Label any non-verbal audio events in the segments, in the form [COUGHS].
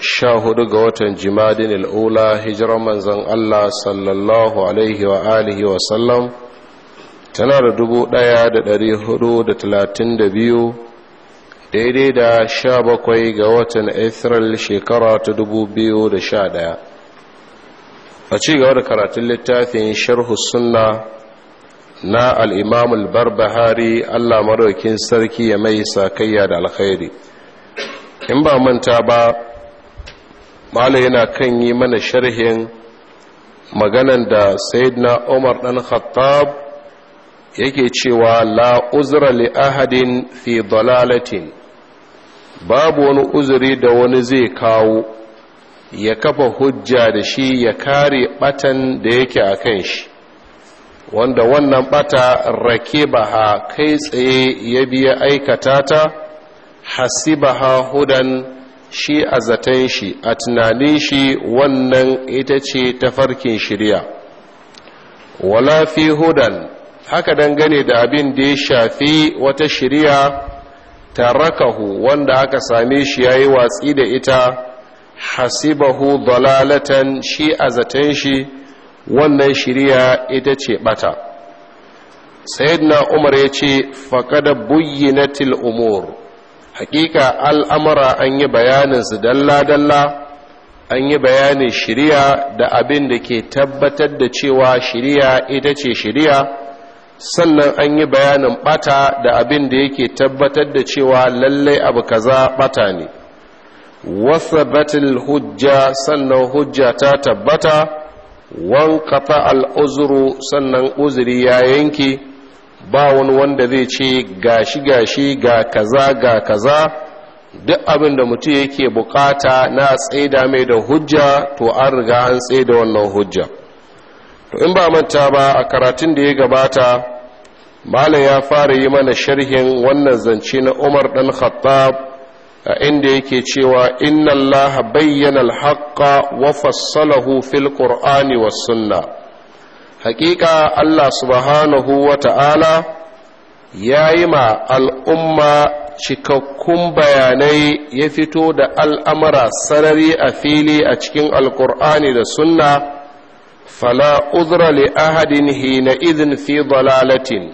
sha hudu ga watan jimadin al'ula hijiran manzan Allah sallallahu alaihi wa alihi wa sallam tana da dubu daya da dari hudu da talatin da biyu daidai da sha bakwai ga watan Afril shekara ta dubu biyu da sha daya a cigaba da karatun littafin sharhu sunna na al'imamul barbahari Allah maraukin sarki ya mai sakayya da alkhairi in ba manta ba Malam yana kan yi mana sharhin maganan da saidna umar dan khattab yake cewa la uzra li ahadin fi dalalatin babu wani uzuri da wani zai kawo ya kafa hujja da shi ya kare batan da yake a kan shi wanda wannan bata rake baha kai tsaye ya biya aikata ta hasibaha hudan shi a zaton shi a tunanin shi wannan ita ce ta farkin shirya wala fi hudan haka dangane da abin da ya shafi wata shirya tarakahu wanda aka same shi ya yi watsi da ita hasibahu dalalatan shi a zaton shi wannan shirya ita ce bata sayyidina umar ya ce faƙada buyyinatil umur hakika al'amura an yi bayanin su dalla-dalla an yi bayanin shirya da abin da ke tabbatar da cewa shirya ita ce shirya sannan an yi bayanin bata da abin da yake tabbatar da cewa lallai abu kaza bata ne wasabatil hujja sannan hujja ta tabbata wankata al'uzuru sannan uzuri ya yanke ba wani wanda zai ce gashi gashi ga kaza ga kaza duk abin da mutum yake bukata na tsaida mai da hujja to an riga an tsaida wannan hujja to in ba manta ba a karatun da ya gabata malam ya fara yi mana sharhin wannan zance na umar dan khattab a inda yake cewa inna allaha bayyana alhaqqa wa fassalahu fil qur'ani was sunnah hakika Allah subhanahu wa ta'ala ya yi ma al'umma cikakkun bayanai ya fito da al'amara sarari a fili a cikin alkur'ani da sunna fala uzra li ahadin hina izin fi dalalatin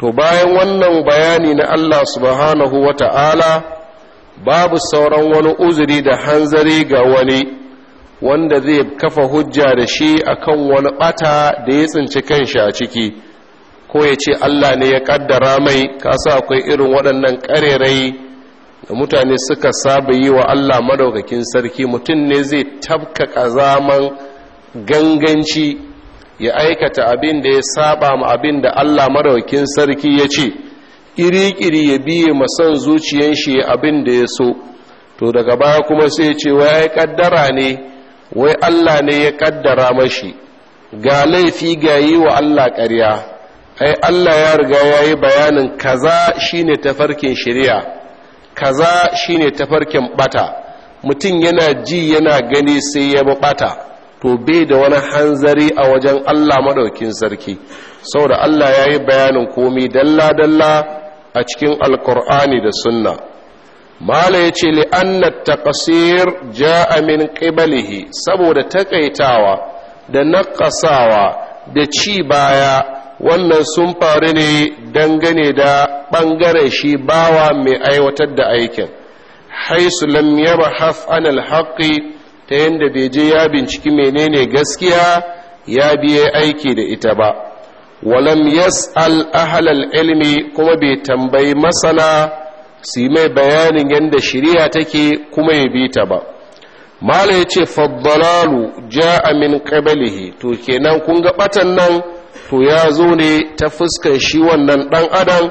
to bayan wannan bayani na Allah subhanahu wa ta'ala babu sauran wani uzuri da hanzari ga wani wanda zai kafa hujja da shi a kan wani bata da ya tsinci kanshi a ciki ko ya ce Allah ne ya kaddara mai Kasu akwai irin waɗannan ƙarerai da mutane suka saba yi wa Allah madaukakin sarki mutum ne zai tabka ƙazaman ganganci ya aikata abin da ya saba ma abin da Allah madaukakin sarki ya ce iri-iri ya biye masan zuciyanshi shi abin da ya so to daga baya kuma sai ce wa ya kaddara ne wai Allah ne ya kaddara mashi ga laifi ga yi wa Allah ƙarya ai Allah ya riga ya yi bayanin kaza shine tafarkin shari'a kaza shine tafarkin bata mutum yana ji yana gani sai ya bata to bai da wani hanzari a wajen Allah maɗaukin sarki saboda Allah ya yi bayanin komi dalla-dalla a cikin alkur'ani da sunna mala ya ce li'annat taqsir ja'a min qibalihi saboda takaitawa da naƙasawa da ci baya wannan sun faru ne dangane da ɓangare shi bawa mai aiwatar da aikin haisu lam yabhaf an alhaqi ta yadda bai je ya binciki menene gaskiya ya biye aiki da ita ba walam yas'al ahlal ilmi kuma bai tambayi masana su mai bayanin yadda shari'a take kuma ya bi ta ba mala ya ce faddalalu ja min kabalihi to kenan kun ga batan nan to ya zo ne ta fuskan shi wannan dan adam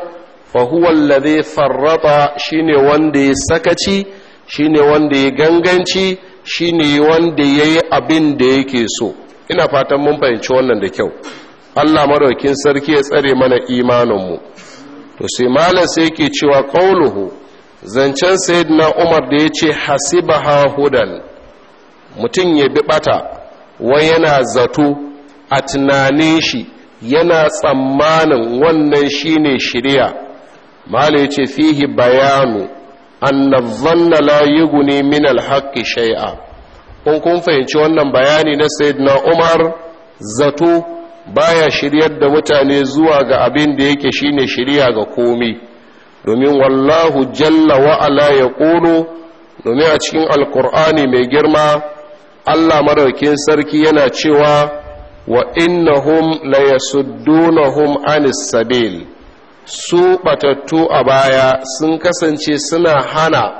fahuwan lade farraba shi ne wanda ya sakaci shi ne wanda ya ganganci shi ne wanda ya yi abin da yake so ina fatan mun fahimci wannan da kyau Allah maraukin sarki ya tsare mana imaninmu to sai malam sai yake cewa qauluhu zancen sayyidina umar da yace hasibaha hudan mutum ya bi bata wai yana zato a tunanin shi yana tsammanin wannan shine shiriya malam yace fihi bayanu anna dhanna la yughni min al shay'a kun kun fahimci wannan bayani na sayyidina umar zato baya shiryar da mutane zuwa ga abin da yake shine shirya ga komai domin wallahu jalla wa'ala ya ƙono domin a cikin alkur'ani mai girma allah Madaukin sarki yana cewa wa innahum la yasuddunahum anis sabil su batattu a baya sun kasance suna hana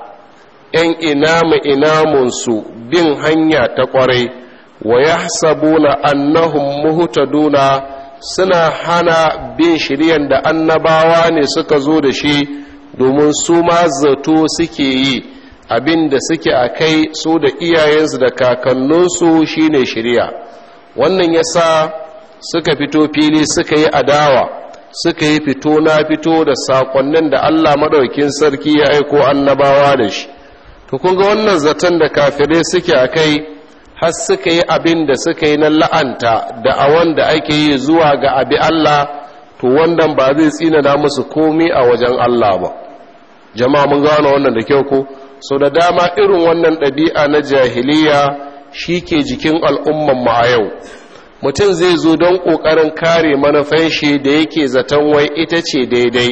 ‘yan inamu inamunsu bin hanya ta ƙwarai wa annahun annahum suna hana bin shiryan da annabawa ne suka zo da shi domin su ma zato suke yi abin da suke a kai su da iyayensu da kakanninsu shi ne shirya wannan ya sa suka fito fili suka yi adawa suka yi fito na fito da sakonnin da Allah maɗaukin sarki ya aiko annabawa da shi to wannan zaton da kafirai suke a kai har suka yi abin da suka yi na la'anta da a wanda ake yi zuwa ga abi Allah to wannan ba zai tsina na musu komi a wajen Allah ba jama'a mun gano wannan da kyau ko sau da dama irin wannan ɗabi'a na jahiliya shi ke jikin al'umman mu a yau mutum zai zo don ƙoƙarin kare manufan shi da yake zaton wai ita ce daidai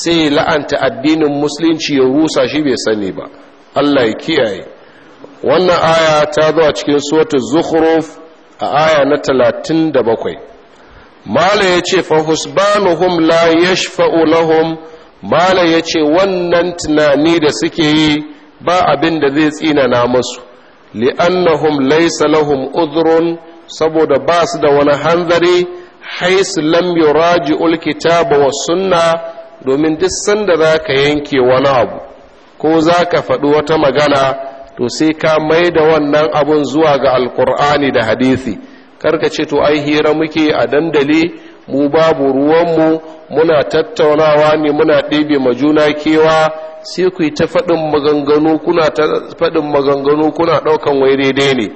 sai la'anta addinin musulunci ya rusa shi bai sani ba Allah ya kiyaye wannan aya ta zo a cikin suratul zukhruf a aya na 37 mala yace fa banuhum la yashfa'u lahum mala ce wannan tunani da suke yi ba abin da zai tsina na musu li'annahum laisa lahum udhrun saboda ba su da wani hanzari haisu lam yuraji'ul kitaba wa sunna domin duk sanda za ka yanke wani abu ko za ka faɗi wata magana to sai ka mai da wannan abun zuwa ga alkur'ani da hadisi karka ce to ai hira muke a dandali mu babu ruwanmu muna tattaunawa ne muna ɗebe ma juna kewa sai ku yi ta faɗin maganganu kuna ta faɗin maganganu kuna ɗaukan wai daidai ne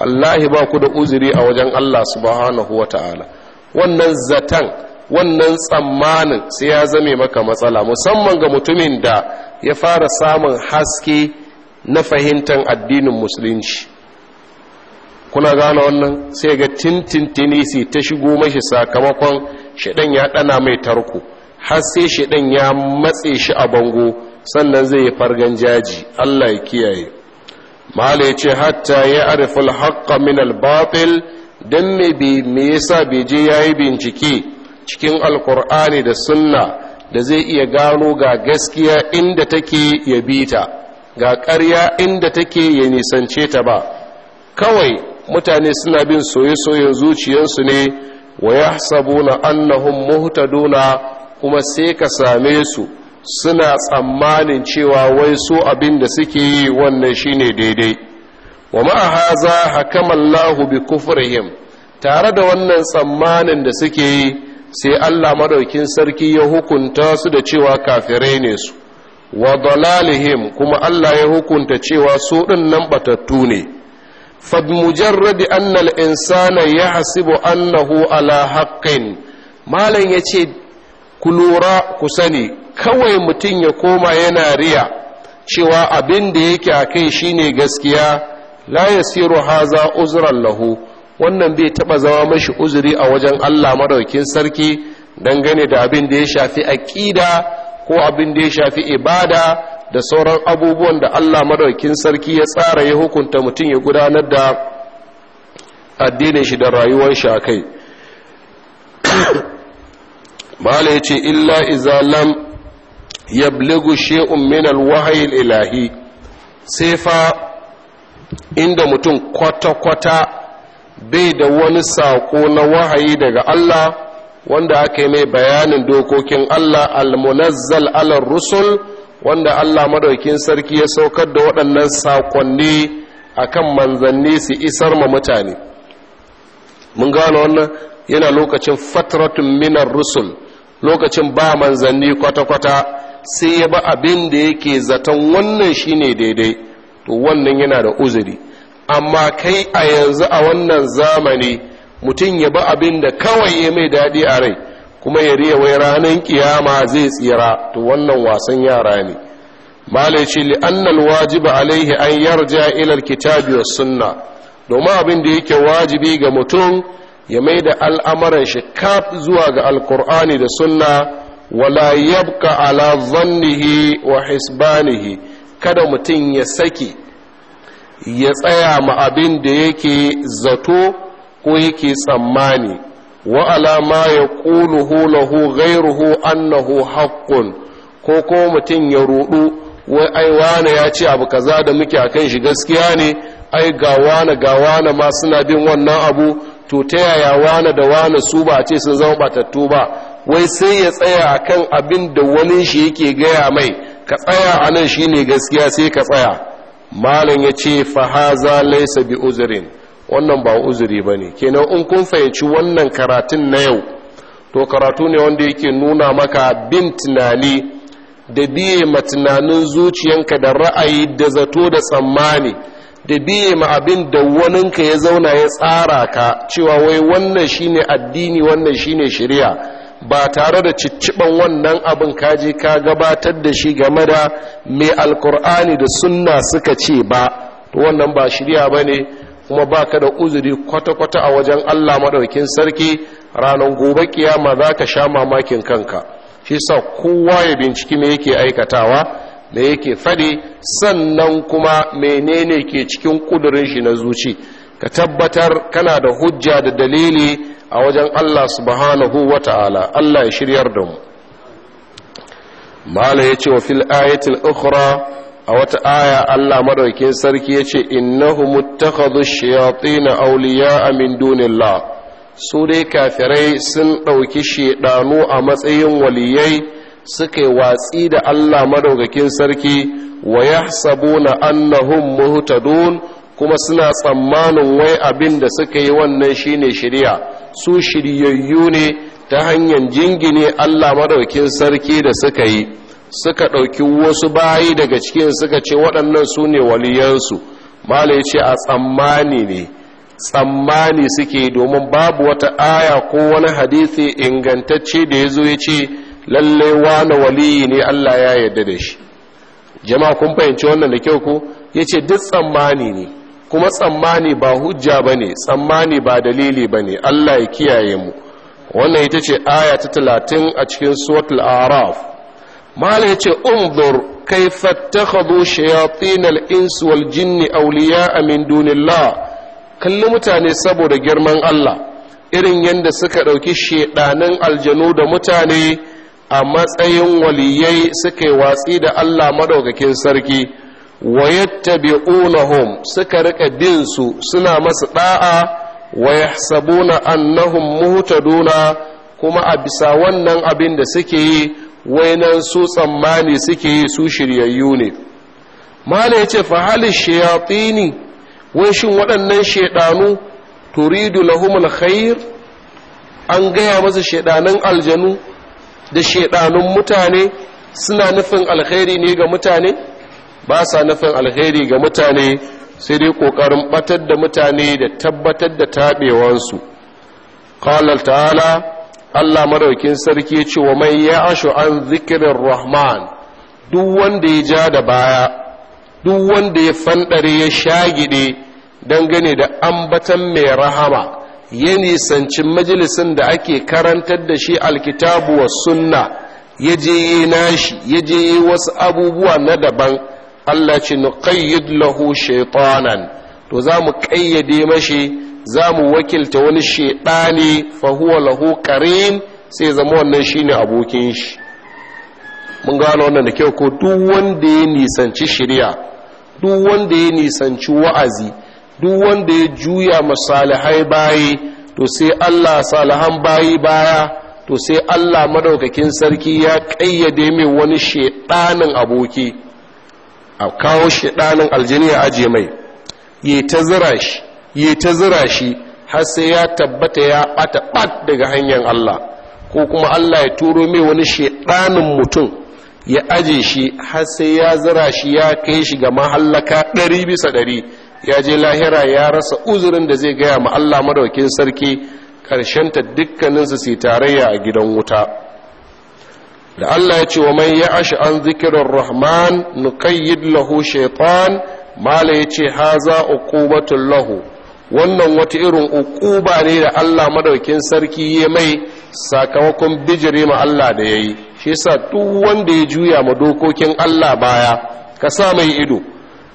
wallahi ba ku da uzuri a wajen Allah subhanahu wa ta'ala wannan zaton wannan tsammanin sai ya zame maka matsala musamman ga mutumin da ya fara samun haske na fahimtar addinin musulunci kuna gane wannan sai ga tintin ta shigo mashi sakamakon shaɗan ya ɗana mai tarko har sai shaɗan ya matse shi a bango sannan zai yi fargan jaji allah ya kiyaye mahala ce hatta ya arifin haƙƙa min albatil don me yasa bai je ya yi bincike cikin alkur'ani da sunna da zai iya gano ga gaskiya inda take ya bita? ga ƙarya inda take ya nisance ta ba kawai mutane suna bin soye-soyen zuciyarsu ne wa ya na annahun muhtaduna kuma sai ka same su suna tsammanin cewa wai so abin da suke yi wannan shine daidai wa za ma'ahaza hakamallahu bi kufurihim tare da wannan tsammanin da suke yi sai Allah madaukin sarki ya hukunta su da cewa kafirai ne su wa dalalihim kuma Allah ya hukunta cewa su ɗin nan batattu ne fad mujarradi anna al-insana yahsibu annahu ala haqqin malam yace ku lura ku sani kawai mutum ya koma yana riya cewa abin da yake a kai shine gaskiya la yasiru haza uzran lahu wannan bai taba zama mashi uzuri a wajen Allah madaukin sarki dangane da abin da ya shafi aqida ko abin da ya shafi ibada da sauran abubuwan da Allah madaukin sarki ya tsara ya hukunta mutum ya gudanar da addinin shi da rayuwar shi a kai [COUGHS] yace illa izalam ya bligu she'un wahayin ilahi sai fa inda mutum kwata-kwata bai da wani sako na wahayi daga Allah wanda aka yi mai bayanin dokokin Allah al-munazzal ala rusul wanda Allah madaukin sarki ya saukar da waɗannan sakonni akan manzanni su isar ma mutane mun gano wannan yana lokacin fatratun minar rusul lokacin ba manzanni kwata-kwata sai ya ba abin da yake zaton wannan shine daidai to wannan yana da uzuri amma kai a yanzu a wannan zamani mutum ya bi abin da kawai ya mai daɗi a rai kuma ya riya wai ranar kiyama zai tsira to wannan wasan yara ne malai ce li'annal wajiba alaihi an yarja ilal kitabi was sunna domin abin da yake wajibi ga mutum ya mai da al'amuran shi kaf zuwa ga alkur'ani da sunna wala yabka ala zannihi wa hisbanihi kada mutum ya saki ya tsaya ma abin da yake zato ko yake tsammani wa alama ya ƙuluhu lahu gairuhu annahu haƙƙun ko ko mutum ya rudu wai ai wane ya ce abu kaza da muke akan shi gaskiya ne ai ga wane ga wane ma suna bin wannan abu to ta yaya wane da wane su ba ce sun zama batattu ba wai sai ya tsaya akan abin da wani shi yake gaya mai ka tsaya a nan ne gaskiya sai ka tsaya malam ya ce fahaza laisa bi uzurin wannan ba uzuri ba ne kenan in kun fahimci wannan karatun na yau to karatu ne wanda yake nuna maka bin tunani da biye ma tunanin zuciyanka da ra'ayi da zato da tsammani da biye ma abin da waninka ya zauna ya tsara ka cewa wai wannan shine addini wannan shine shari'a ba tare da cicciban wannan abin kaji ka gabatar da shi game da mai alkur'ani da sunna suka ce ba to wannan ba shari'a ne. kuma ba ka da uzuri kwata-kwata a wajen Allah maɗaukin sarki ranar gobe kiyama za ka sha mamakin kanka shi sa kowa ya binciki me yake aikatawa me yake faɗi sannan kuma menene ke cikin ƙudurin shi na zuci ka tabbatar kana da hujja da dalili a wajen Allah subhanahu wa ta'ala Allah ya shiryar da mu mala ya ce wa fil ayatul ukhra a wata aya Allah madaukin sarki ya ce innahu muttakhadhu shayatin awliya min dunillah su dai kafirai sun ɗauki shedanu a matsayin waliyai suka yi watsi da Allah madaukakin sarki wa yahsabuna annahum muhtadun kuma suna tsammanin wai abin da suka yi wannan shine shari'a su shiryayyu ne ta hanyar jingine Allah madaukakin sarki da suka yi suka ɗauki wasu bayi daga cikin suka ce waɗannan su ne waliyansu malai ce a tsammani ne tsammani suke domin babu wata aya ko wani hadisi ingantacce da ya zo ya ce lallai wani waliyi ne allah ya yarda da shi jama'a kun fahimci wannan da kyau ko ya ce duk tsammani ne kuma tsammani ba hujja ba ne tsammani ba dalili ba ne allah ya kiyaye mu wannan ita ce aya ta talatin a cikin suwatul araf mala yace unzur kayfa takhadhu shayatin al-ins wal jinn awliya'a min dunillah kalli mutane saboda girman Allah irin yadda suka ɗauki shedanin aljanu da mutane a matsayin waliyai suka yi watsi da Allah madaukakin sarki wa yattabi'unahum suka rika bin su suna masa da'a wa yahsabuna annahum muhtaduna kuma a bisa wannan abin da suke yi wainan su tsammani suke yi su shiryayyu ne mala ya ce fahalin shayatini wai shin waɗannan shaidanu turidu lahumul khair an gaya masa shaɗanun aljanu da shaidanun mutane suna nufin alkhairi ne ga mutane ba sa nufin alkhairi ga mutane sai dai ƙoƙarin ɓatar da mutane da tabbatar da taɓewansu ƙalar ta'ala Allah madaukin sarki ce wa mai ya ashu an zikirin rahman duk wanda ya ja da baya duk wanda ya fanɗare ya shagide dangane da ambatan mai rahama ya nisanci majalisin da ake karantar da shi alkitabu wa sunna ya je yi nashi ya je yi wasu abubuwa na daban Allah ce nuqayyid lahu shaytanan to za mu ƙayyade mashi za mu wakilta wani shaidani fahuwa lahu karin sai zama wannan shine abokin shi mun gano wannan da kyau ko duk wanda ya nisanci shirya duk wanda ya nisanci wa'azi duk wanda ya juya masalihai bayi to sai Allah salihan bayi baya to sai Allah maɗaukakin sarki ya ƙayyade mai wani shaidanin aboki a kawo shaidanin aljini ya aje mai yi ta zira shi yi ta zira shi har sai ya tabbata ya bata bat daga hanyar Allah ko kuma Allah ya turo mai wani shedanin mutum ya aje shi har sai ya zira shi ya kai shi ga mahallaka ɗari bisa ɗari ya je lahira ya rasa uzurin da zai gaya ma Allah madaukin sarki ta dukkaninsu su tarayya a gidan wuta da Allah ya ce wa man ya ashi an zikirar rahman nukayyid lahu shaitan mala ya ce haza uqubatul lahu wannan wata irin ukuba ne da Allah madaukin sarki ya mai sakamakon bijire ma Allah da yayi shi yasa duk wanda ya juya ma dokokin Allah baya ka sa mai ido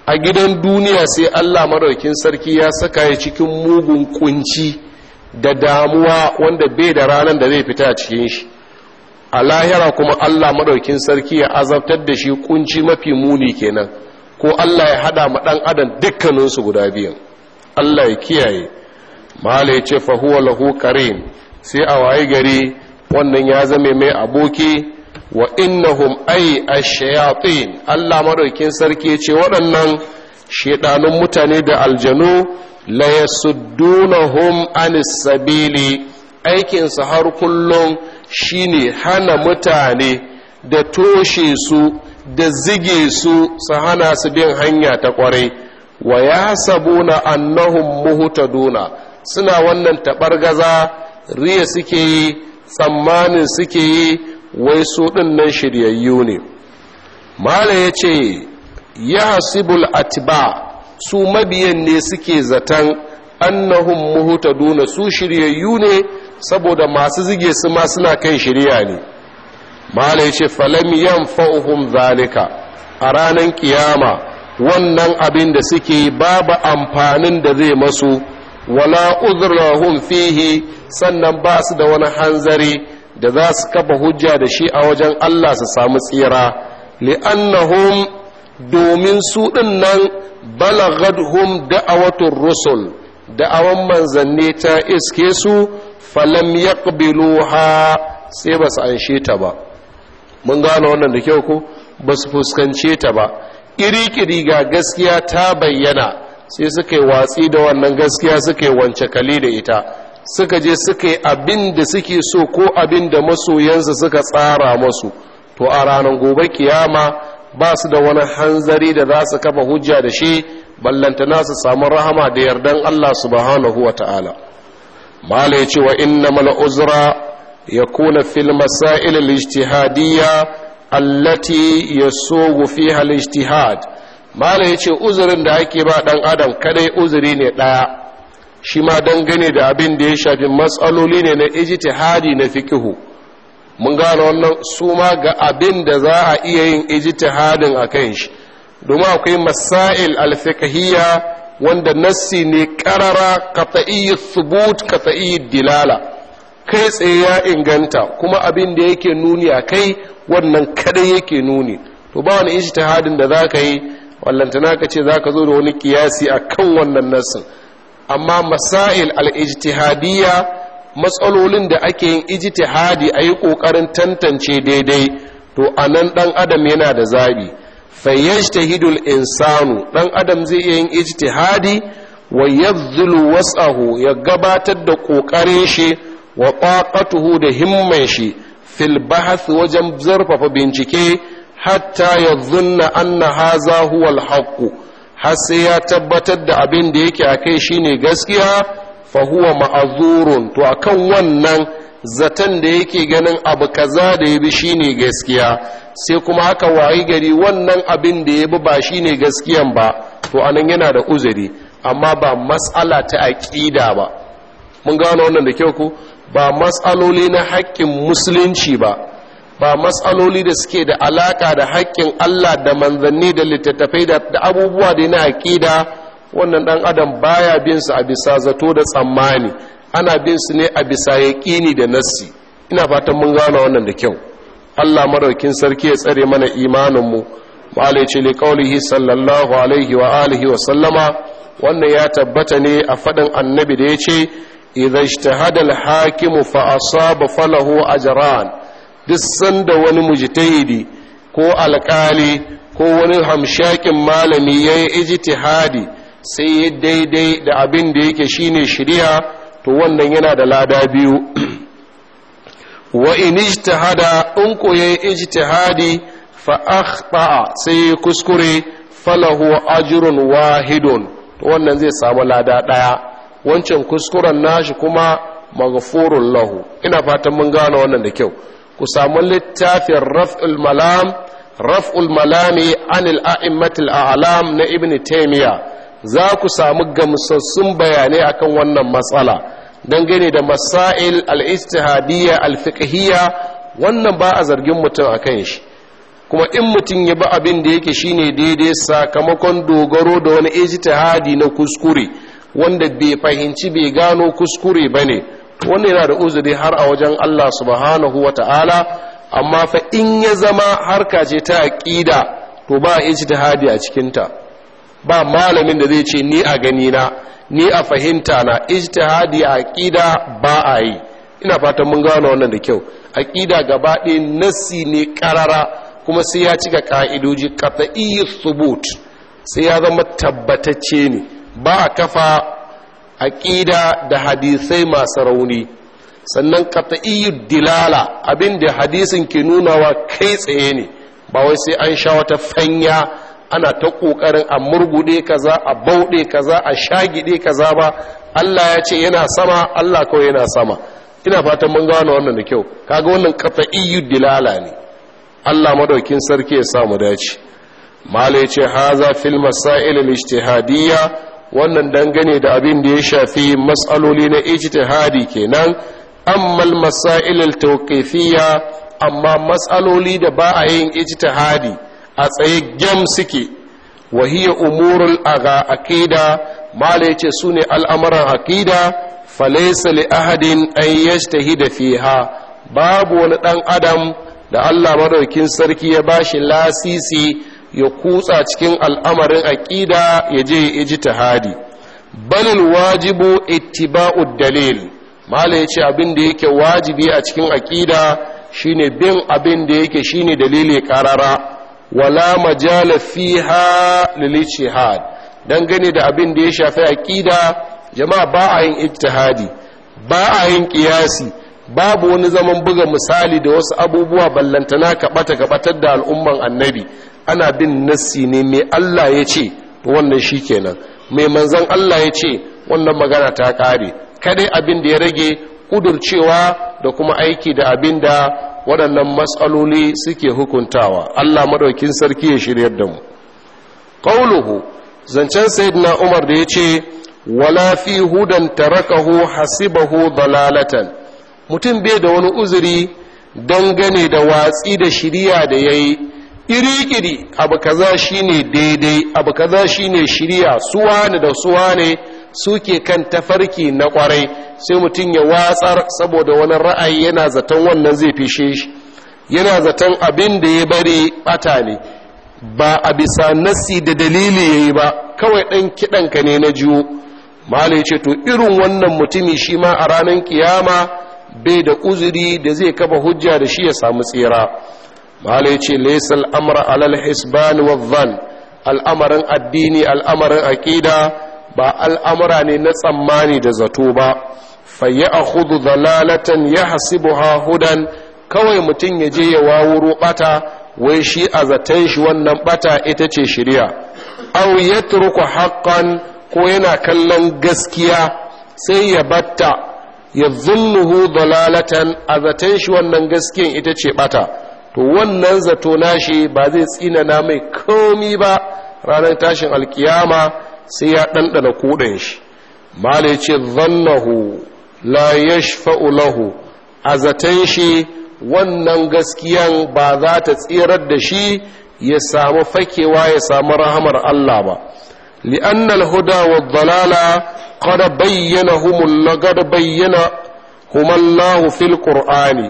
a gidan duniya sai Allah madaukin sarki ya saka ya cikin mugun kunci da damuwa wanda bai da ranar da zai fita cikin shi a lahira kuma Allah madaukin sarki ya azabtar da shi kunci mafi muni kenan ko Allah ya hada ma dan adam dukkaninsu guda biyan Allah ya kiyaye mala ya ce fahuwa lahu karim sai a waye gari wannan ya zame mai aboki wa innahum ai ashayatin Allah madaukin sarki ya ce waɗannan shedanun mutane da aljanu la yasuddunahum anis sabili aikin su har kullum shine hana mutane da toshe su da zige su su hana su bin hanya ta kwarai wa ya annahun annahum muhtaduna suna wannan taɓargaza riya suke yi tsammanin suke yi wai su ɗin nan shiryayyu ne mala yace yahsibul atba su mabiyan ne suke zatan annahum muhtaduna su shiryayyu ne saboda masu zige su ma suna kan shirya ne mala yace falam yan yanfa'uhum zalika a ranar kiyama wannan abin da suke babu amfanin da zai masu wala uzrahum fihi sannan ba su da wani hanzari da za su kafa hujja da shi a wajen Allah su samu tsira li'annahum domin su ɗin nan balagadhum da'awatur rusul da'awan manzanni ta iske su falam yaqbiluha sai ba su anshe ta ba mun gano wannan da kyau ko ba su fuskance ta ba kirikiri ga gaskiya ta bayyana sai suka yi watsi da wannan gaskiya suka yi wance kali da ita suka je suka yi abin da suke so ko abin da masoyansu suka tsara masu to a ranar gobe kiyama ba su da wani hanzari da za su kafa hujja da shi ballantana su samu rahama da yardan Allah subhanahu wa ta'ala mala ya ce wa inna mal uzra ya kuna fil masail al-ijtihadiyya allati yasugu fiha al-ijtihad mala yace uzurin da ake ba dan adam kadai uzuri ne daya shi ma dangane da abin da ya shafi matsaloli ne na ijtihadi na fikihu mun gane wannan su ma ga abin da za a iya yin ijtihadin kan shi domin akwai masail al-fiqhiyya wanda nassi ne karara qat'i thubut qat'i dilala kai tsaye ya inganta kuma abin da yake nuni a kai wannan kadai yake nuni to ba wani ijtihadin da zaka yi wallantana ka ce ka zo da wani kiyasi a kan wannan nassin amma masail al-ijtihadiyya matsalolin da ake yin ijtihadi yi ƙoƙarin tantance daidai to a nan ɗan adam yana da zabi fayyajtahidul insanu Ɗan adam zai iya yin ijtihadi wa yabdhulu was'ahu ya gabatar da ƙoƙarin shi wa ƙwaƙatuhu da himman shi fil bahas wajen zurfafa bincike hatta ya zunna anna haza huwal alhaqu har sai ya tabbatar da abin da yake kai shine gaskiya fa huwa ma'azurun to akan wannan zaton da yake ganin abu kaza da ya bi shine gaskiya sai kuma haka wayi gari wannan abin da ya bi ba shine gaskiyan ba to anan yana da uzuri amma ba mas'ala ta aqida ba mun gano wannan da kyau ku ba matsaloli na haƙƙin musulunci ba ba matsaloli da suke da alaƙa da haƙƙin Allah da manzanni da littattafai da abubuwa da na aƙida wannan ɗan adam baya bin su a bisa zato da tsammani ana bin su ne a bisa yaƙini da nassi ina fatan mun gane wannan da kyau Allah maraukin sarki ya tsare mana imaninmu ma'alaici li qaulihi sallallahu alaihi wa wa sallama wannan ya tabbata ne a faɗin annabi da ya ce idan ishtahadal hakimu fa asaba falahu ajran duk sanda wani mujtahidi ko alƙali, ko wani hamshakin malami yayi ijtihadi sai ya daidai da abin da yake shine shari'a to wannan yana da lada biyu wa in ijtahada in ko yayi ijtihadi fa akhta sai kuskure falahu ajrun wahidun to wannan zai samu lada daya wancan kuskuren nashi kuma maghfurun lahu ina fatan mun gane wannan da kyau ku samu littafin raf'ul malam raf'ul malami anil a'immatil a'lam na ibn taymiya za ku samu gamsassun bayanai akan wannan matsala dangane da masail al-istihadiyya al-fiqhiyya wannan ba a zargin mutum akan shi kuma in mutum ya bi abin da yake shine daidai sakamakon dogaro da wani ijtihadi na kuskure wanda bai fahimci bai gano kuskure ba ne wanda yana da uzuri har a wajen Allah subhanahu wa ta'ala amma fa in ya zama harka ce ta aƙida to ba ijtihadi a cikinta ba malamin da zai ce ni a gani na ni a fahimta na ijtihadi a aƙida ba a yi ina fatan mun gano wannan da kyau aƙida gaba ɗaya nassi ne ƙarara kuma sai ya cika ka'idoji qat'i subut sai ya zama tabbatacce ne ba a kafa aƙida da hadisai masu rauni sannan qat'iyyud dilala abin da hadisin ke nunawa kai tsaye ne ba wai sai an sha wata fanya ana ta ƙoƙarin a murguɗe kaza a bauɗe kaza a shagide kaza ba Allah ya ce yana sama Allah kawai yana sama ina fatan mun gano wannan da kyau kaga wannan kafa dilala ne Allah madaukin sarki ya samu dace malai ce haza fil masail al-ijtihadiyya wannan dangane da abin da ya shafi matsaloli na ijtihadi kenan ammal masailul tawqifiyya amma matsaloli da ba a yin ijtihadi a tsaye gem suke wa hiya umurul aga aqida mala yace sune al'amuran aqida falaysa li ahadin an yajtahida fiha babu wani dan adam da Allah madaukin sarki ya bashi lasisi ya kutsa cikin al'amarin aƙida ya je ya ji hadi balil wajibu ittiba'u dalil mala ya ce abin da yake wajibi a cikin aƙida shine bin abin da yake shine dalili karara wala majala fiha lil dan gane da abin da ya shafi aƙida jama'a ba a yin ijtihadi ba a yin qiyasi babu wani zaman buga misali da wasu abubuwa ballantana ka bata gabatar da al'umman annabi ana bin nassi ne mai Allah ya ce wannan shi kenan mai manzan Allah ya ce wannan magana ta kare kadai abin da ya rage ƙudurcewa da kuma aiki da abin da waɗannan matsaloli suke hukuntawa Allah maɗaukin sarki ya shiryar da mu ƙauluhu zancen na umar da ya ce wala fi hudan tarakahu hasibahu dalalatan mutum bai da wani uzuri dangane da watsi da shiriya da ya yi Kirikiri abu kaza shine daidai abu kaza shine shirya suwa ne da suwa ne suke kan tafarki na kwarai sai mutum ya watsar saboda wani ra'ayi yana zaton wannan zai fishe shi yana zaton abin da ya bari bata ne ba a bisa nasi da dalili ya yi ba kawai ɗan kiɗanka ne na jiwo malai ce to irin wannan mutumi shi ma a ranar kiyama bai da uzuri da zai kafa hujja da shi ya samu tsira malai ce laysa al'amra alal hisban wazan al'amarin addini al'amarin aƙida ba al'amura ne na tsammani da zato ba a hudu zalalatan ya yahsibuha hudan kawai mutum ya je ya wawuro bata wai shi a zaton shi wannan bata ita ce shirya aw yatruku haqqan ko yana kallon gaskiya sai ya batta ya zulluhu zalalatan a zaton shi wannan gaskiyan ita ce bata to wannan zato nashi ba zai tsinana mai komi ba ranar tashin alkiyama sai ya ɗanɗana kuɗin shi mala ce zannahu la yashfa'u lahu a zaton shi wannan gaskiyan ba za ta tsirar da shi ya samu fakewa ya samu rahamar Allah ba li'anna al-huda wa dhalala qad bayyanahum laqad bayyana humallahu fil qur'ani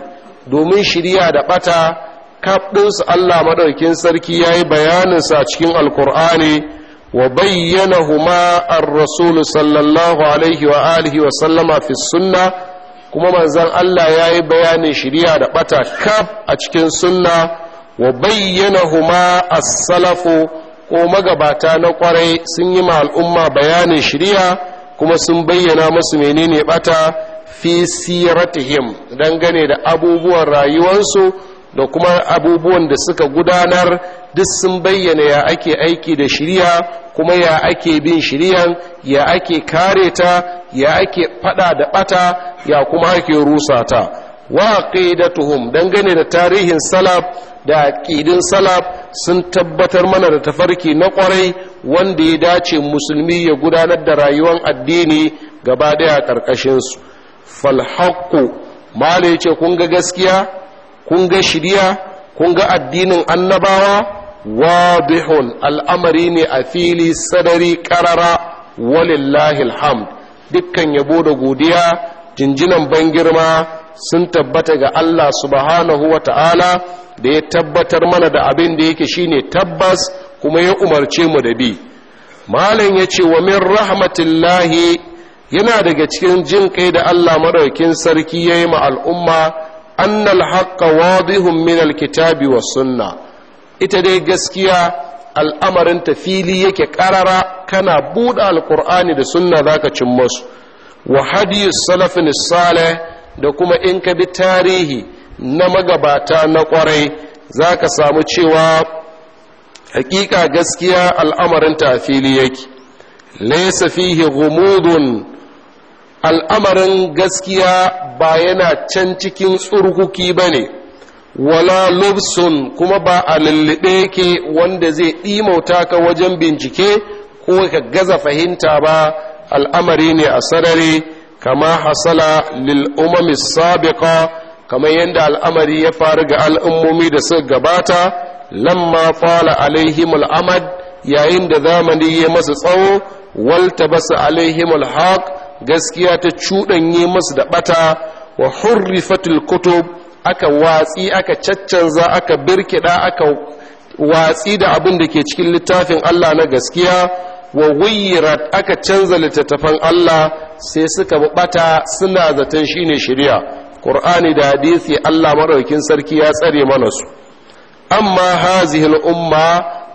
domin shiriya da ɓata. su Allah maɗaukin sarki ya yi bayaninsa a cikin alkur'ani wa bayyana huma an rasulu sallallahu alaihi wa alihi wa sallama fi sunna kuma manzan Allah ya yi bayanin shirya da ɓata kaf a cikin sunna wa bayyana huma as-salafu ko magabata na ƙwarai sun yi ma al'umma bayanin shirya kuma sun bayyana musu menene ɓata fi siratihim dangane da abubuwan rayuwarsu da kuma abubuwan da suka gudanar duk sun bayyana ya ake aiki da shirya kuma ya ake bin shiryan ya ake kare ta ya ake fada da bata ya kuma ake rusa ta wa don dangane da tarihin salaf da aqidin salaf sun tabbatar mana da tafarki na kwarai wanda ya dace musulmi ya gudanar da rayuwar addini gaba daya karkashin su fal haqqu yace kun ga gaskiya kun ga shiriya kun ga addinin annabawa wadihun al'amari ne a fili sadari karara walillahi alhamd dukkan yabo da godiya jinjinan ban girma sun tabbata ga Allah subhanahu wa ta'ala da ya tabbatar mana da abin da yake shine tabbas kuma ya umarce mu da bi malam ya ce wa min rahmatillahi yana daga cikin jin kai da Allah maraukin sarki ya yi ma al'umma annal haqqa wadihun min alkitabi wa sunna ita dai gaskiya al'amarin ta fili yake karara kana buɗe alƙur'ani da sunna zaka cin su wa hadiyus salafin salih da kuma in ka bi tarihi na magabata na kwarai zaka samu cewa hakika gaskiya al'amarin ta fili yake laysa fihi ghumudun al'amarin gaskiya ba yana can cikin tsurkuki ba ne wala lubsun kuma ba a lullube ke wanda zai ɗimauta ka wajen bincike ko ka gaza fahimta ba al'amari ne a sarari kama hasala lil'umami sabiqa kamar yadda al'amari ya faru ga al'ummomi da suka gabata lamma fala alaihim al'amad yayin da zamani ya masu tsawo walta basu alaihim Haq. gaskiya ta cuɗanye masu da ɓata wa hurrifatul kutub aka watsi aka caccanza aka birkida aka watsi da abin da ke cikin littafin Allah na gaskiya wa wuyirat aka canza littattafan Allah sai suka bata suna zaton shine shari'a qur'ani da hadisi Allah maraukin sarki ya tsare mana su amma hazihil umma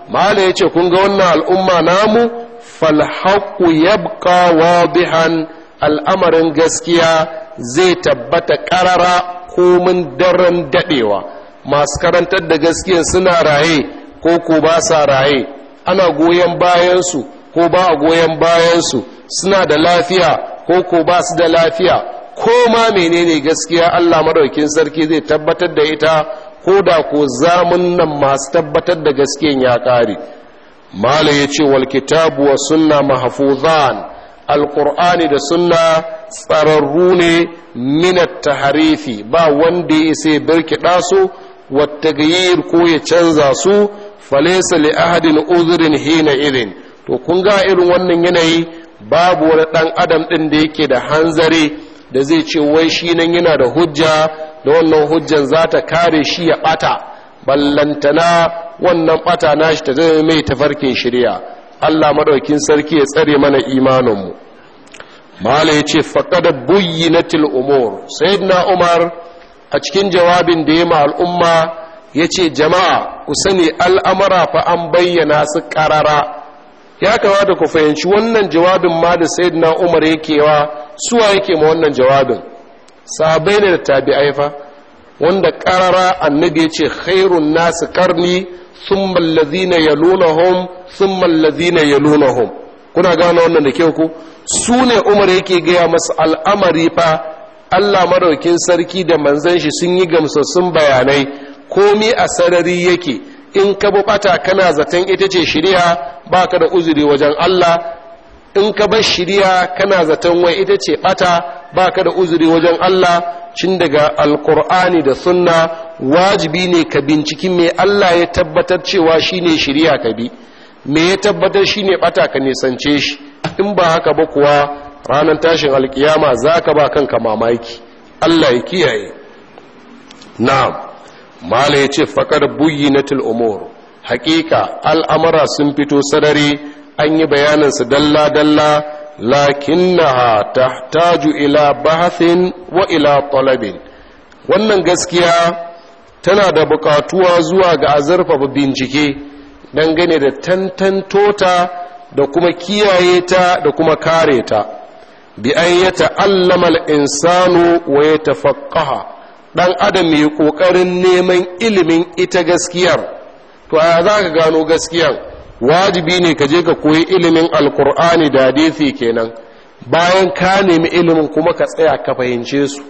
mala yace kun ga wannan al'umma namu falhaku yabqa bihan al'amarin gaskiya zai tabbata ƙarara komin daren daɗewa masu karantar da gaskiya suna raye ko ko ba sa raye ana goyon bayansu ko ba a goyon bayansu suna da lafiya ko ko ba su da lafiya ko ma menene gaskiya Allah madaukin sarki zai tabbatar da ita ko da ko zamun nan masu tabbatar da gaskiyan ya ƙare. mala ya ce wal kitabu wa sunna mahfuzan alqur'ani da sunna tsararru ne minat taharifi ba wanda ya sai birkida su wa ko ya canza su falaysa li ahadin uzrin hina irin to kun ga irin wannan yanayi babu wani dan adam din da yake da hanzari da zai ce wai shi nan yana da hujja da wannan hujjan za ta kare shi ya bata ballantana wannan bata shi ta zai mai tafarkin shirya Allah madaukin sarki ya tsare mana imaninmu malai yace faqad buyyinatil umur sayyidina umar a cikin jawabin da ya ma al'umma yace jama'a ku sani al'amara fa an bayyana su karara ya kamata ku fahimci wannan jawabin ma da sayyidina umar yake wa suwa yake ma wannan jawabin sabai ne da tabi'ai fa wanda ƙarara annabi ya ce khairun nasu karni sun mallazina ya lunahum sun mallazina ya kuna gane wannan da kyau ku su ne umar yake gaya masu al'amari fa allah maraukin sarki da manzan shi sun yi gamsassun bayanai komi a sarari yake in ka bata kana zaton ita ce shirya baka da uzuri wajen allah in ka bar shiriya kana zaton wai ita ce bata baka da uzuri wajen Allah cin daga alkur'ani da sunna wajibi ne ka binciki me Allah ya tabbatar cewa shine shiriya ka bi me ya tabbatar shine bata ka nisance shi in ba haka ba kuwa ranar tashin alkiyama za ka ba kanka mamaki Allah ya kiyaye na'am mala yace faqad buyyinatul umur haqiqa al'amara sun fito sarari an yi su dalla-dalla lakinnaha tahtaju ila bahasin wa ila talabin wannan gaskiya tana da bukatuwa zuwa ga azurfa bincike dangane da tantanto ta da kuma kiyaye ta da kuma kare ta bi an ya ta'allama insanu wa ya dan adam mai ƙoƙarin neman ilimin ita gaskiyar to a za ka gano gaskiyar wajibi ne ka je ka koyi ilimin alkur'ani da hadisi kenan bayan ka nemi ilimin kuma ka tsaya ka fahimce su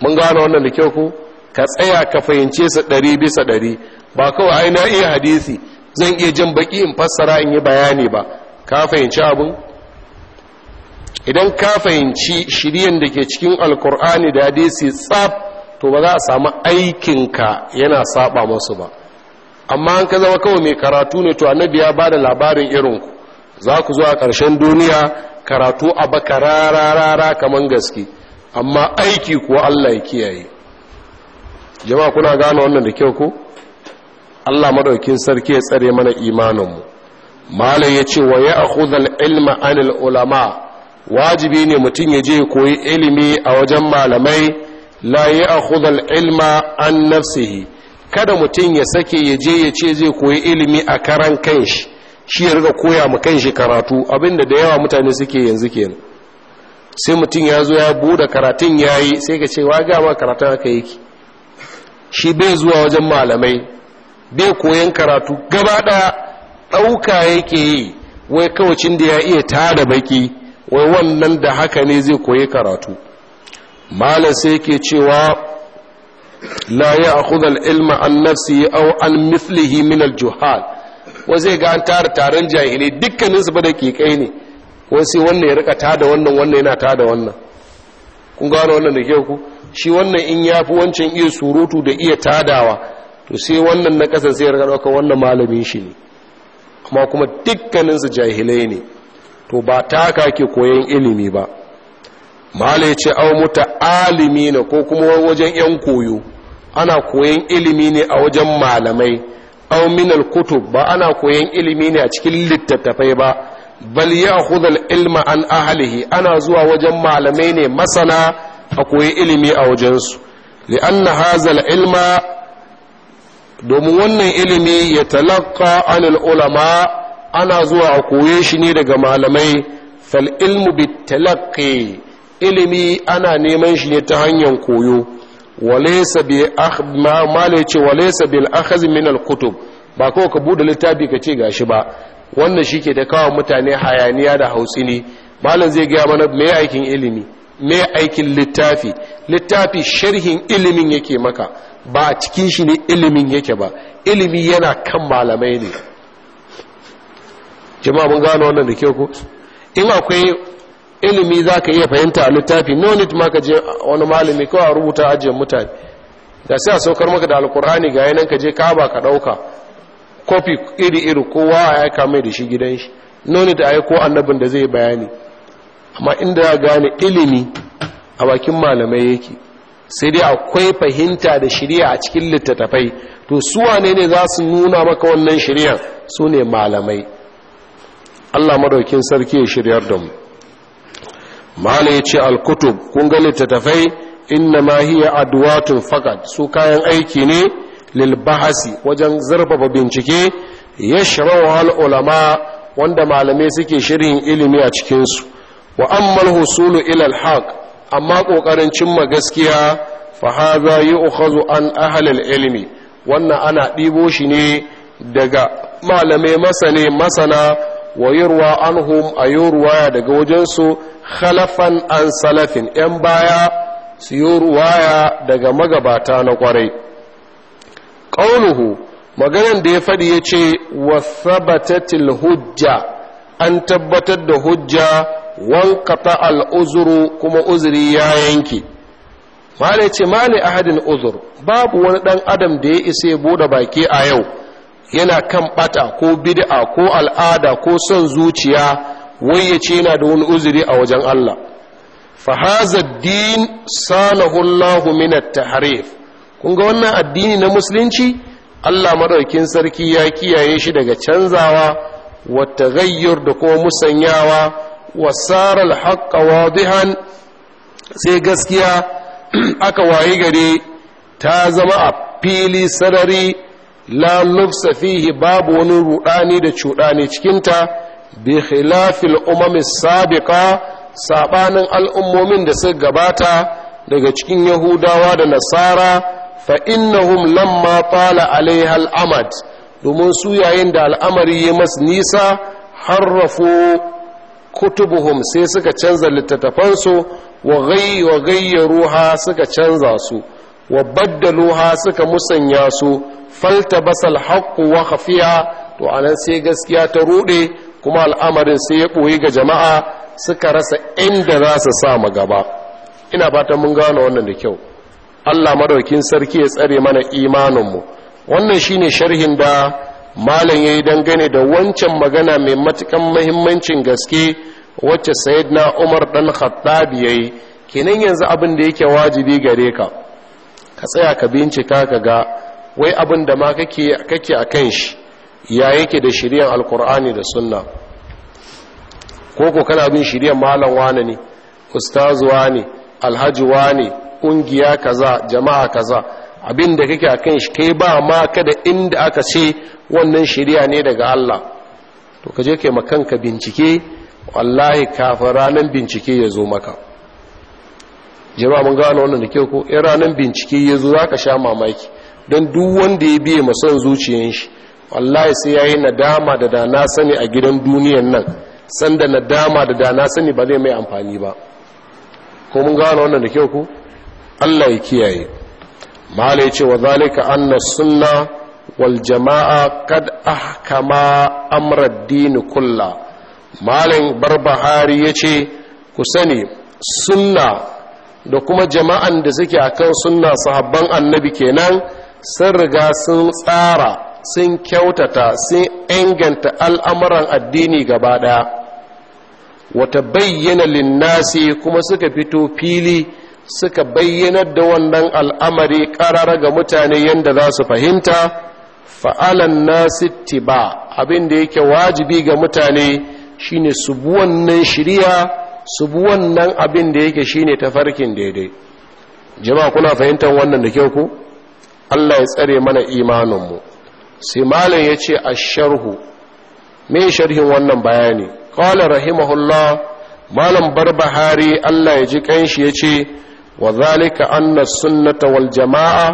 mun gano wannan da kyau ko ka tsaya ka fahimce su ɗari bisa ɗari ba kawai ai na iya hadisi zan iya jin baki in fassara in yi bayani ba ka fahimci abun idan ka fahimci shiryen da ke cikin alkur'ani da hadisi tsaf to ba za a samu aikinka yana saba masu ba amma an ka zama kawai mai karatu ne to annabi ya bada labarin irin ku za ku zo a ƙarshen duniya karatu a baka rararara kamar gaske amma aiki kuwa Allah ya kiyaye jama'a kuna gane wannan da kyau ko Allah madaukin sarki ya tsare mana imaninmu malam ya ce wa ya akhudhal ilma anil ulama wajibi ne mutum ya je koyi ilimi a wajen malamai la ya akhudhal ilma an nafsihi kada mutum ya sake ya je ya ce zai koyi ilimi a karan kanshi shi ya riga koya ma kanshi karatu abinda da yawa mutane suke yanzu kenan sai mutum ya zo ya bude karatun ya yi sai ka ce wa gama karatun aka yi ki shi bai zuwa wajen malamai bai koyan karatu gaba ɗaya ɗauka yake yi wai kawacin da ya iya tada baki wai wannan da haka ne zai koyi karatu malam sai ke cewa la ya akhudha al-ilma an nafsihi aw an mithlihi min al-juhal wa zai ga an tara taron jahilai dukkanin ba da kikai ne wasu wannan ya rika tada wannan wannan yana tada wannan kun gano wannan da ke ku shi wannan in yafi wancan iya surutu da iya tadawa to sai wannan na kasan sai ya rika dauka wannan malamin shi ne amma kuma dukkanin jahilai ne to ba taka ke koyon ilimi ba mala ya ce au muta alimi na ko kuma wajen yan koyo ana koyan ilimi ne a wajen malamai aw min al-kutub ba ana koyan ilimi ne a cikin littattafai ba bal ya'khudhu al-ilma an ahlihi ana zuwa wajen malamai ne masana a koyi ilimi a wajen su li'anna hadha al-ilma domin wannan ilimi ya talaqqa an al-ulama ana zuwa a koye shi ne daga malamai fal ilmu bit talaqi ilimi ana neman shi ne ta hanyar koyo walaysa bi ma ce walaysa bil akhz min al kutub ba ko ka bude littafi ka ce gashi ba wannan shike da kawo mutane hayaniya da hausini malam zai gaya mana me aikin ilimi me aikin littafi littafi sharhin ilimin yake maka ba cikin shi ne ilimin yake ba ilimi yana kan malamai ne jama'a mun gano wannan da kyau ko in akwai ilimi za ka iya fahimta a littafi no need ma ka je wani malami kawai a rubuta ajiyar mutane da sai a saukar maka da alkur'ani ga yanan ka je kaba ka ɗauka kofi iri-iri kowa a ya kame da shi gidan shi no need a yi ko annabin da zai bayani amma inda ya gane ilimi a bakin malamai yake sai dai akwai fahimta da shirya a cikin littattafai to su wane ne za su nuna maka wannan shirya su ne malamai Allah madaukin sarki ya shiryar da mu mala ya ce alkutub kun ga littattafai inna ma hiya adwatun faqat su kayan aiki ne lil bahasi wajen zarfafa bincike yashrawa al ulama wanda malamai suke shirin ilimi a cikinsu. su wa ammal husulu ila haq amma kokarin cimma gaskiya fa hadha yu'khadhu an ahli al ilmi wannan ana dibo shi ne daga malamai masane masana wa yurwa anhum ayurwa daga wajen su khalafan an salafin yan baya su ruwaya daga magabata na kwarai qauluhu maganan da ya fadi yace wa hujja an tabbatar da hujja wanqata al uzru kuma uzri ya yanke mala ce mali ahadin uzur babu wani dan adam da ya isa ya bude baki a yau yana kan bata ko bid'a ko al'ada ko son zuciya wai ya ce yana da wani uzuri a wajen Allah fa haza din salahu Allahu min at-tahrif kun ga wannan addini na musulunci Allah madaukin sarki ya kiyaye shi daga canzawa wa taghayyur da ko musanyawa wa sara al-haqqa wadihan sai gaskiya [CLEARS THROAT] aka waye gare ta zama a fili sarari la lubsa fihi babu wani rudani da cuɗani cikinta bi khilafil umami sabiqa sabanin al'ummomin da suka gabata daga cikin yahudawa da nasara fa innahum lamma tala alaiha al'amad domin su yayin da al'amari ya masu nisa harrafu kutubuhum sai suka canza littattafansu wa gayyaruha suka canza su wa baddaluha suka musanya su faltabasal haƙƙu wa khafiya to anan sai gaskiya ta rude kuma al'amarin sai ya boye ga jama'a suka rasa inda za su sa ma gaba ina fatan mun gano wannan da kyau Allah madaukin sarki ya tsare mana imaninmu wannan shine sharhin da malam yayi dangane da wancan magana mai matukan muhimmancin gaske wacce sayyidina Umar dan Khattab yayi kenan yanzu abin da yake wajibi gare ka ka tsaya ka bincika ka ga wai abin da ma kake a kan shi ya yake da shiryan alkur'ani da sunna ko ko kana bin shiryan malam wane ne ustazu wane alhaji wane kungiya kaza jama'a kaza abin da kake a kan shi kai ba ma kada inda aka ce wannan shirya ne daga Allah to ka je kai makanka bincike wallahi kafin ranar bincike ya zo maka jama'a mun gano wannan da kyau ko 'Yan ranar bincike ya zo za ka sha mamaki don duk wanda ya biye son zuciyan shi wallahi sai yayi nadama da da na sani a gidan duniyan nan sanda nadama da da na sani ba zai mai amfani ba ko mun gano wannan da kyau ku Allah ya kiyaye malai ce wa zalika anna sunna wal jama'a kad ahkama amra ad-din malin barbahari yace ku sani sunna da kuma jama'an da suke akan sunna sahabban annabi kenan sun riga sun tsara sun kyautata sun inganta al'amuran addini gaba ɗaya wata bayyana linnasi kuma suka fito fili suka bayyanar da wannan al'amari ƙarara ga mutane yadda za su fahimta fa'alan nasi tiba abin da yake wajibi ga mutane shine su bi shirya su bi wannan abin da yake shine tafarkin daidai jama'a kuna fahimtar wannan da kyau ku? Allah ya tsare mana imaninmu sai malam ya ce a sharhu me sharhin wannan bayani ƙwallon rahimahullah malam barbahari Allah ya ji ƙanshi ya ce wa zalika anna sunnata wal jama'a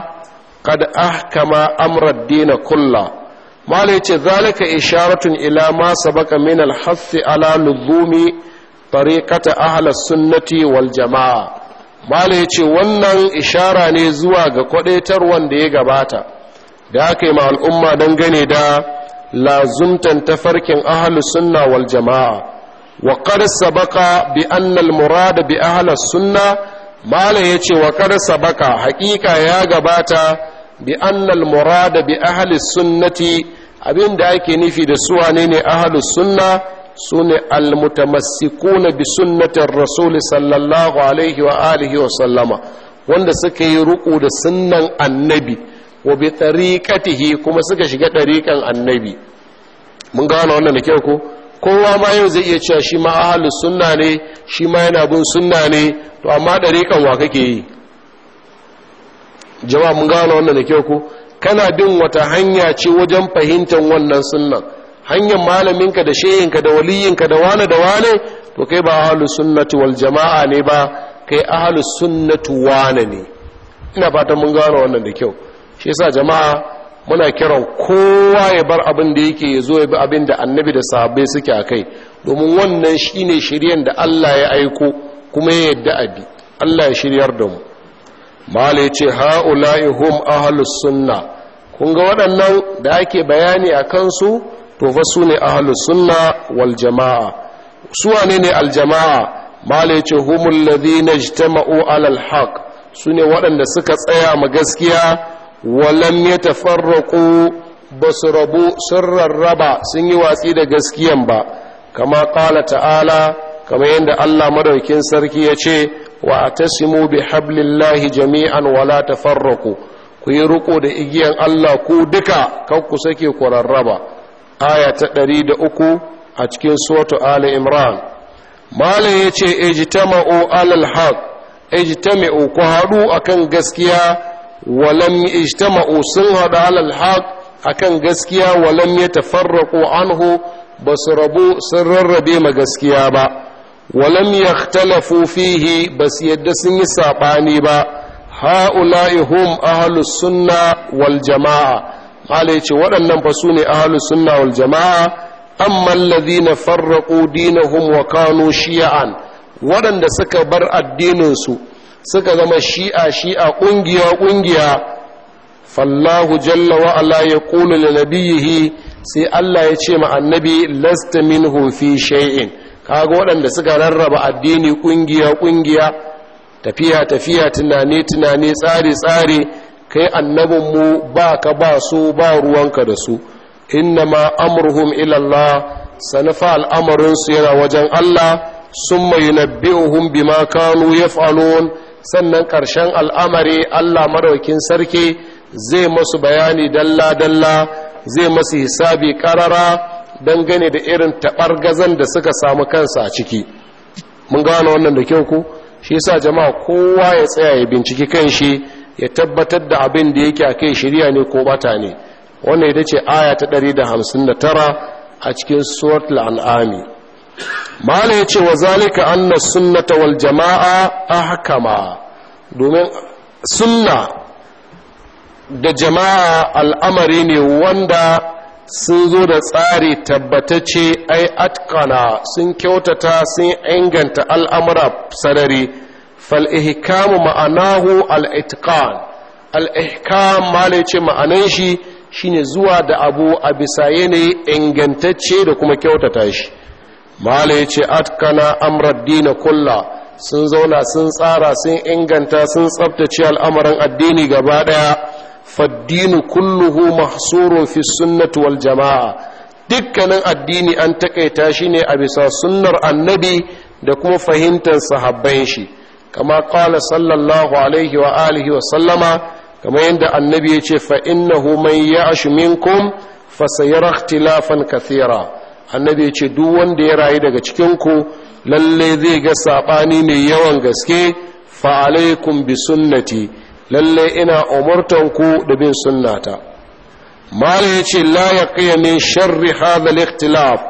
kad ahkama amra dina kulla malam ya ce zalika isharatun ila ma sabaka min al-hassi ala luzumi tariqata ahla sunnati wal jama'a mala ya ce wannan ishara ne zuwa ga kwadaitar wanda ya gabata da aka yi ma al'umma dangane da lazumtan tafarkin ahalus sunna wal jama'a wa qad sabaqa bi anna al da bi ahalus sunna mala ya ce wa qad sabaqa hakika ya gabata bi anna al da bi ahlus sunnati abinda ake nufi da suwa ne ahalus sunna su ne almutamassikuna bi sunnatin rasuli sallallahu alaihi wa alihi wa sallama wanda suka yi ruku da sunnan annabi wa bi tariqatihi kuma suka shiga tariqan annabi mun gano wannan da kyau ko kowa ma yau zai iya cewa shi ma ahlus sunna ne shi ma yana bin sunna ne to amma tariqan wa kake yi jama'a mun gano wannan da kyau ko kana bin wata hanya ce wajen fahimtar wannan sunnan hanyar malaminka da sheyinka da waliyinka da wane da wane to kai ba ahalu sunnatu wal jama'a ne ba kai ahalu sunnatu wane ne ina fata mun gano wannan da kyau shi yasa jama'a muna kiran kowa ya bar abin da yake ya zo ya bi abin da annabi da sahabbai suke a kai domin wannan shine shiryen da Allah ya aiko kuma ya yadda abi Allah ya shiryar da mu mala yace ce ha'ula'i hum ahlus sunna kun ga waɗannan da ake bayani a kansu to fa su ne ahlus sunna wal jama'a su wane ne al jama'a mala yace humul ladina ijtama'u alal haq su ne waɗanda suka tsaya ma gaskiya walam ba su rabu sun rarraba sun yi watsi da gaskiyan ba kama ƙala ta'ala kama yadda Allah madaukin sarki ya ce wa atasimu bi hablillahi jami'an wala tafarraqu ku yi riko da igiyan Allah ku duka kan ku sake ku rarraba aya ta ɗari da uku a cikin suratu ali imran malam ya ce ijtama'u alal haq ijtama'u ku haɗu akan gaskiya walam ijtama'u sun haɗu alal haq akan gaskiya walam ya tafarraku anhu ba su rabu sun rarrabe ma gaskiya ba walam talafu fihi ba su yadda sun yi saɓani ba ha'ula'ihum hum ahlus sunna wal jama'a mala yace waɗannan fa sune ahlus sunna wal jamaa amma alladhina farraqu dinahum wa kanu shi'an waɗanda suka bar addininsu suka zama shi'a shi'a kungiya ƙungiya. fallahu jalla wa ala yaqulu li nabiyhi sai Allah ya ce ma annabi lasta minhum fi Ka ga waɗanda suka rarraba addini ƙungiya ƙungiya tafiya tafiya tunane tunane tsare tsare kai annabinmu ba ka ba su ba ruwanka da su innama amruhum ilallah sanufa al'amarinsu yana wajen Allah sun mai yunabbi'uhum bima kanu yaf'alun sannan ƙarshen al'amari Allah maraukin sarki zai masu bayani dalla-dalla zai masu hisabi ƙarara dangane da irin taɓar gazan da suka samu kansa a ciki mun gane wannan da kyau ku shi sa jama'a kowa ya tsaya ya binciki kan shi ya tabbatar da abin da yake a kai shirya ne ko bata ne wannan ya dace aya ta 159 a cikin suratul al'ami mala ya ce wa zalika anna sunnata wal jama'a ahkama domin sunna da jama'a al'amari ne wanda sun zo da tsari tabbatacce ai atkana sun kyautata sun inganta al'amura sarari fal'ihikamu ma'anahu al'itikan al'ihikam male ce ma'anan shi shine zuwa da abu a bisa yanayi ingantacce da kuma kyautata shi male ce atkana amrar dina kulla sun zauna sun tsara sun inganta sun tsabtace al'amarin addini gaba ɗaya faddinu kulluhu mahsurun fi sunnati wal jama'a dukkanin addini an takaita shi ne a bisa sunnar annabi da kuma fahimtar sahabban shi kama qala sallallahu alaihi wa alihi wa sallama kama yadda annabi ya ce fa innahu man ya'sh minkum fa sayara ikhtilafan kathira annabi ya ce duk wanda ya rayu daga cikin ku lalle zai ga saɓani mai yawan gaske fa alaikum bi sunnati lalle ina umurtan ku da bin sunnata mala ya ce la yaqiya min sharri hadha al-ikhtilaf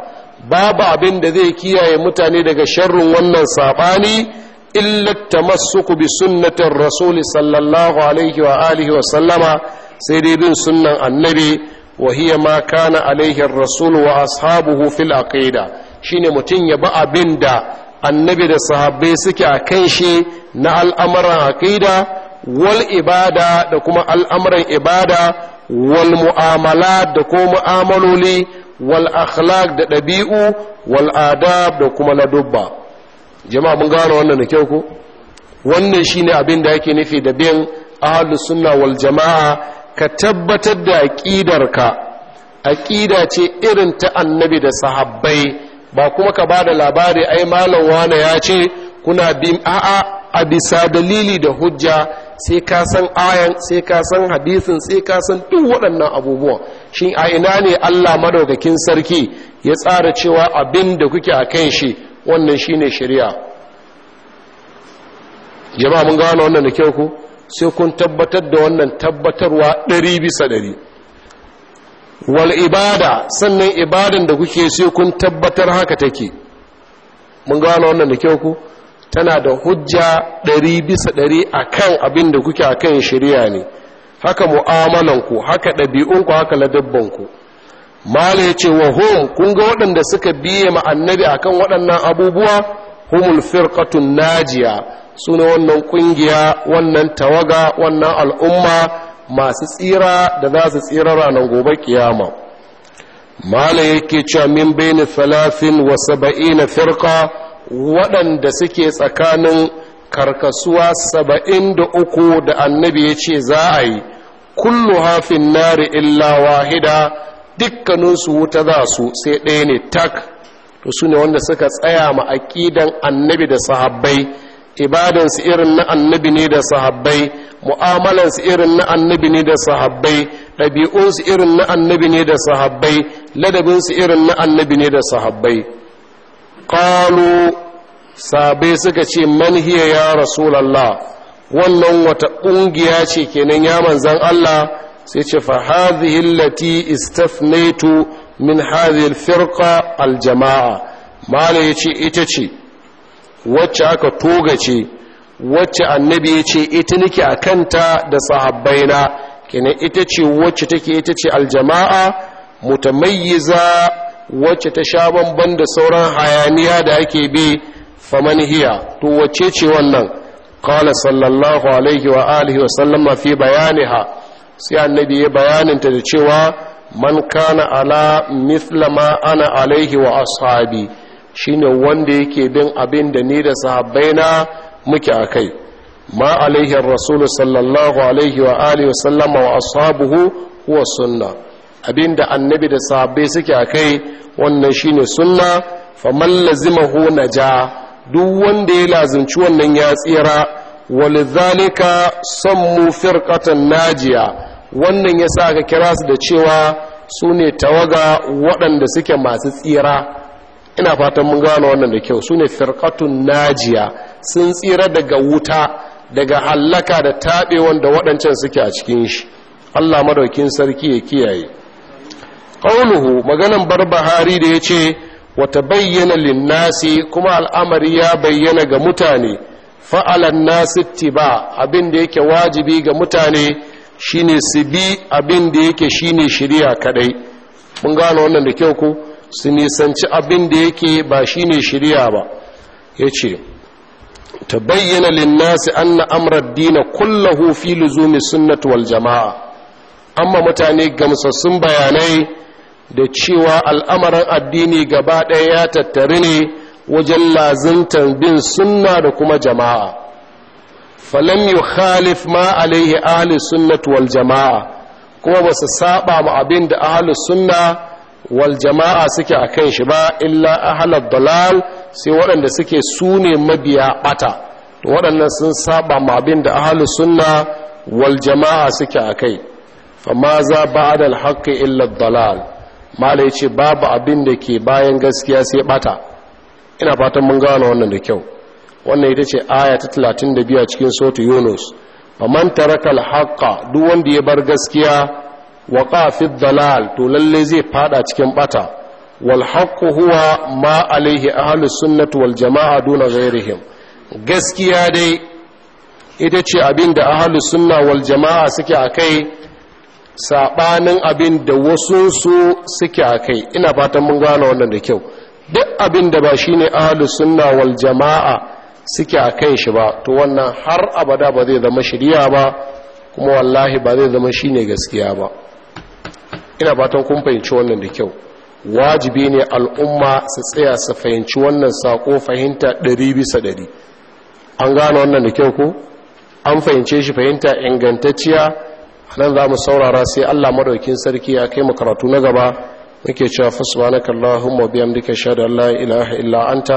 babu abin da zai kiyaye mutane daga sharrin wannan saɓani. illa tamassuku bi sunnatin rasul sallallahu alaihi wa alihi wa sallama sai dai bin sunnan annabi wa hiya ma kana alaihi rasul wa ashabuhu fil aqida shine mutun ya bi abin da annabi da sahabbai suke a kan shi na al'amuran aqida wal ibada da kuma al'amuran ibada wal mu'amala da ko mu'amaloli wal akhlaq da ɗabi'u wal adab da kuma ladubba jama'a mun gano wannan da kyau ko wannan shine abin da yake nufi da bin ahlus sunna wal jama'a ka tabbatar da aqidarka aqida ce irin ta annabi da sahabbai ba kuma ka bada labari ai malam wane ya ce kuna bin a'a a bisa dalili da hujja sai ka san ayan sai ka san hadisin sai ka san duk waɗannan abubuwa Shin a ina ne Allah madaukakin sarki ya tsara cewa abin da kuke a kan shi wannan shine shari'a jama'a mun gano wannan da kyau ku sai kun tabbatar da wannan tabbatarwa 100 bisa 100 wal ibada sannan ibadan da kuke sai kun tabbatar haka take mun gano wannan da kyau ku tana da hujja 100 bisa 100 akan abin da kuke akan kan ne haka mu'amalanku haka ku haka ladabbanku mala ya ce wa hum kun ga waɗanda suka biye ma a kan waɗannan abubuwa humul firkatun najiya suna wannan ƙungiya, wannan tawaga wannan al'umma masu tsira da za su tsira ranar gobe kiyama mala yake cewa min bayni Falafin wa saba'ina firka waɗanda suke tsakanin karkasuwa saba'in da uku da annabi ya ce za a yi kullu hafin nari illa wahida dukkaninsu wuta za su sai ɗaya ne tak to su ne wanda suka tsaya ma aƙidan annabi da sahabbai ibadansu irin na annabi ne da sahabbai mu'amalansu irin na annabi ne da sahabbai ɗabi'unsu irin na annabi ne da sahabbai ladabinsu irin na annabi ne da sahabbai ƙalu sabai suka ce manhiya ya rasulallah wannan wata ƙungiya ce kenan ya manzan allah sai ce fa hadhihi allati istafnaitu min hadhihi alfirqa aljama'a mala yace ita ce wacce aka toga ce wacce annabi yace ita nake akanta da sahabbaina kenan ita ce wacce take ita ce aljama'a mutamayyiza wacce ta sha bamban da sauran hayaniya da ake bi faman hiya to wacce ce wannan qala sallallahu alaihi wa alihi wa sallama fi bayaniha sai annabi ya bayaninta da cewa man kana ala mithlama ana alaihi wa ashabi shine wanda yake bin abin da ni da sahabbaina muke akai ma alaihi rasul sallallahu alaihi wa alihi wa sallama wa ashabuhu huwa sunna abin da annabi da sahabbai suke akai wannan shine sunna fa man lazimahu naja duk wanda ya lazimci wannan ya tsira walizalika sammu firqatan najiya wannan ya sa aka kira su da cewa su ne tawaga waɗanda suke masu tsira ina fatan mun gano wannan da kyau su ne firkatun najiya sun tsira daga wuta daga hallaka da taɓewan da waɗancan suke a cikin shi allah madaukin sarki ya kiyaye ƙauluhu maganan Bar barbahari da ya ce wata bayyana linnasi kuma al'amari ya bayyana ga mutane fa'alan nasi tiba abin da yake wajibi ga mutane shine su bi abin da yake shine shiriya kadai mun gano wannan da kyau ko su nisanci abin da yake ba shine shiriya ba yace tabayyana lin-nasi anna amra ad-din kulluhu fi luzumi sunnati wal jamaa amma mutane gamsassun bayanai da cewa al'amarin addini gaba ɗaya ya tattare ne wajen lazimtar bin sunna da kuma jama'a falam yukhalif ma alaihi ahli sunnati wal jama'a kuma ba su saba ma abin da ahli sunna wal jama'a suke a kan shi ba illa ahlad dalal sai waɗanda suke sune mabiya bata to waɗannan sun saba ma abin da ahli sunna wal jama'a suke a kai fa ma za ba'da al haqqi illa dalal mala yace babu abin da ke bayan gaskiya sai ɓata ina fatan mun gano wannan da kyau wannan ita ce aya ta talatin da biya cikin sotu yunus faman taraka haƙa duk wanda ya bar gaskiya wa ƙafin dalal to lalle zai fada cikin bata wal haƙu huwa ma alaihi ahlus sunnati wal jamaa duna zairihim gaskiya dai ita ce abin da ahlus sunna wal jamaa suke akai sabanin abin da wasu su suke kai ina fatan mun gane wannan da kyau duk abin da ba shine ahlus sunna wal jamaa suke a kan shi ba to wannan har abada ba zai zama shirya ba kuma wallahi ba zai zama shine gaskiya ba ina fatan kun fahimci wannan da kyau wajibi ne al'umma su tsaya su fahimci wannan sako fahimta ɗari an gane wannan da kyau ko an fahimce shi fahimta ingantacciya nan za mu saurara sai allah madaukin sarki ya kai mu karatu na gaba muke cewa fasuwa wa bihamdika mabiyan duka la ilaha illa anta